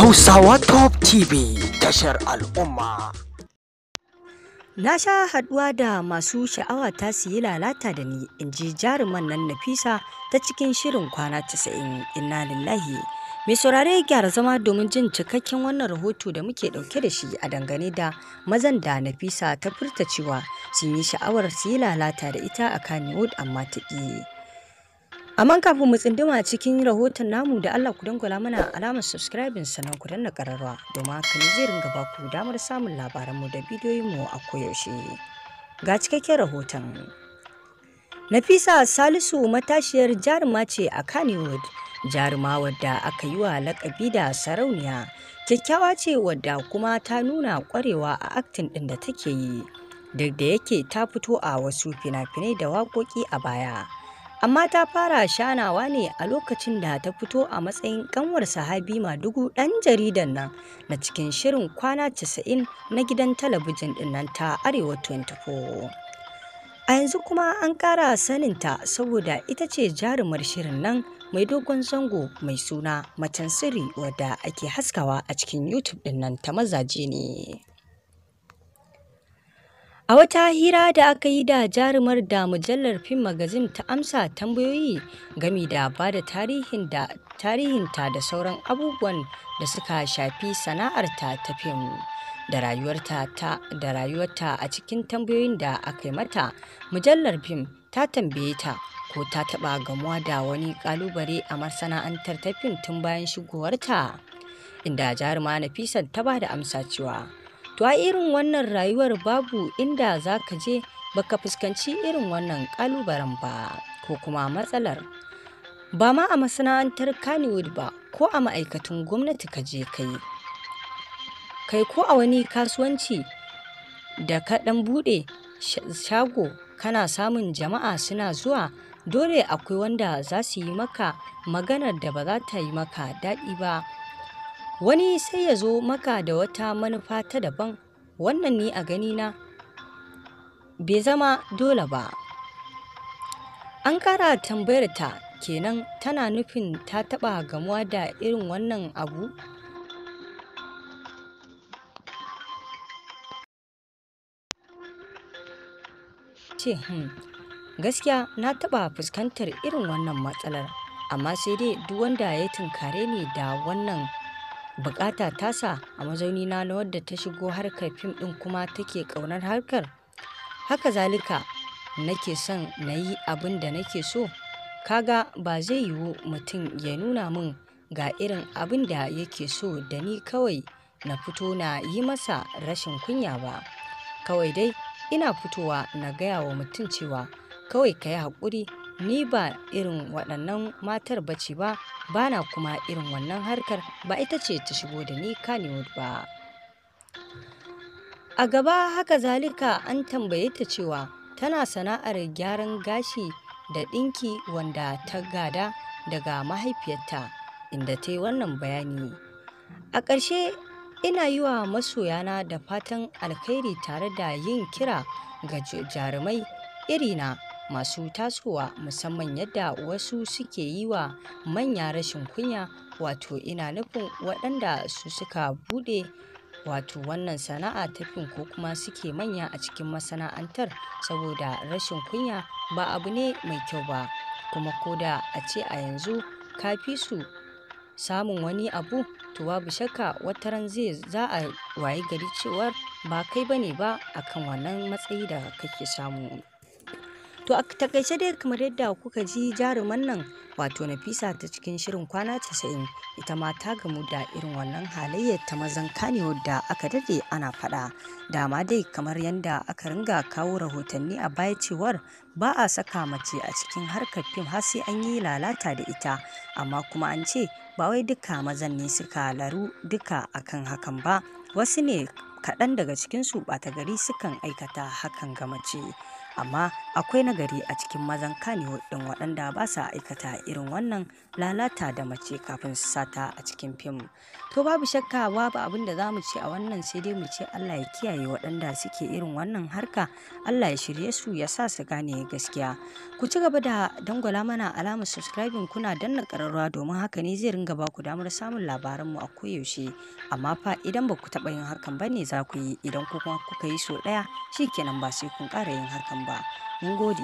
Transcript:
Hausawa Top TV tashar al'umma. Na sha haɗuwa da masu sha'awa ta su yi lalata da ni, in ji jaruman nan Nafisa ta cikin shirin kwana 90 inna lillahi. Mai saurare gyara zama domin jin cikakken wannan rahoto da muke ɗauke da shi a dangane da mazan da Nafisa ta furta cewa sun yi sha'awar su yi lalata da ita a Kannywood amma ta ƙi. Amma kafin mu tsinduma cikin rahoton namu da Allah ku dangwala mana alamar subscribing sannan ku danna ƙararrawa, domin haka ne zai ringa ba ku damar samun labaranmu da bidiyoyinmu a koyaushe. Ga cikakken rahoton. Nafisa Salisu matashiyar jaruma ce a Kannywood, jaruma wadda aka yi wa lakabi da sarauniya, kyakkyawa ce wadda kuma ta nuna ƙwarewa a aktin ɗin da take yi, duk da yake ta fito a wasu fina-finai da waƙoƙi a baya. amma ta fara shanawa ne a lokacin da ta fito a matsayin kanwar sahabi madugu ɗan jaridan nan na cikin shirin kwana 90 na gidan talabijin dinnan ta arewa 24 a yanzu kuma an kara saninta saboda ita ce jarumar shirin nan mai dogon zango mai suna macen sirri wadda ake haskawa a cikin youtube dinnan ta mazaje ne A wata hira da aka yi da jarumar da mujallar Fim magazin ta amsa tambayoyi gami da ba da tarihinta da sauran abubuwan da suka shafi sana'arta ta fim da rayuwarta a cikin tambayoyin da aka yi mata, mujallar Fim ta tambaye ta ko ta taɓa gamuwa da wani ƙalubale a masana'antar ta fim tun bayan shigowarta, inda jaruma Nafisat ta ba da amsa cewa. to a irin wannan rayuwar babu inda za ka je baka fuskanci irin wannan kalubaren ba ko kuma matsalar ba ma a masana'antar kannywood ba ko a ma'aikatan gwamnati ka je ka kai ko a wani kasuwanci da ka dan buɗe shago kana samun jama'a suna zuwa dole akwai wanda za su yi maka maganar da ba za ta yi maka daɗi ba wani sai ya zo maka da wata manufa ta daban wannan ne a ganina bai zama dole ba an kara tambayar ta kenan tana nufin ta taba gamuwa da irin wannan abu ce hmm gaskiya na taba fuskantar irin wannan matsalar amma sai dai duk wanda ya tunkare ni da wannan bukata tasa a mazaunina na wadda ta shigo harkar fim din kuma take ƙaunar harkar haka zalika nake son na yi abin da nake so kaga ba zai yiwu mutum ya nuna min ga irin abin da yake so da ni kawai na fito na yi masa rashin kunya ba kawai dai ina fitowa na gaya wa mutum cewa kawai ka yi haƙuri ni ba irin waɗannan matar bace ba bana kuma irin wannan harkar ba ita ce ta shigo da ni kanewood ba a gaba haka zalika an tambaye ta cewa tana sana'ar gyaran gashi da ɗinki wanda ta gada daga mahaifiyarta inda ta yi wannan bayani a ƙarshe ina yi wa masoyana da fatan alkhairi tare da yin kira ga jarumai irina masu tasowa musamman yadda wasu suke yi wa manya rashin kunya wato ina nufin waɗanda su suka buɗe wato wannan sana'a ta fin ko kuma suke manya a cikin masana'antar saboda rashin kunya ba abu ne mai kyau ba kuma koda a ce a yanzu kafi su samun wani abu to babu shakka ran zai za a wayi gari cewar ba kai bane ba akan wannan matsayi da kake samu To a takaice dai kamar yadda kuka ji jaruman nan wato Nafisa ta cikin shirin kwana 90 ita ma ta gamu da irin wannan halayyar ta mazan kanewar da aka dade ana fada. Dama dai kamar yadda aka ringa kawo rahotanni a baya cewar ba a saka mace a cikin harkar fim har sai an yi lalata da ita amma kuma an ce ba wai duka mazan ne suka laru duka akan hakan ba wasu ne kaɗan daga cikinsu ɓata gari sukan aikata hakan ga mace. amma akwai nagari a cikin mazan kanewood ɗin waɗanda ba sa aikata irin wannan lalata da mace kafin su sata a cikin fim to babu shakka babu abin da za mu ce a wannan sai dai mu ce allah ya kiyaye waɗanda suke irin wannan harka allah ya shirye su ya sa su gane gaskiya ku ci gaba da dangwala mana alamar subscribing kuna danna ƙararrawa domin haka ne zai ringa baku damar samun labaranmu a koyaushe amma fa idan ba ku taɓa yin hakan ba ne za ku yi idan kuma kuka yi so ɗaya shikenan ba sai kun ƙara yin hakan 吧，苹果的。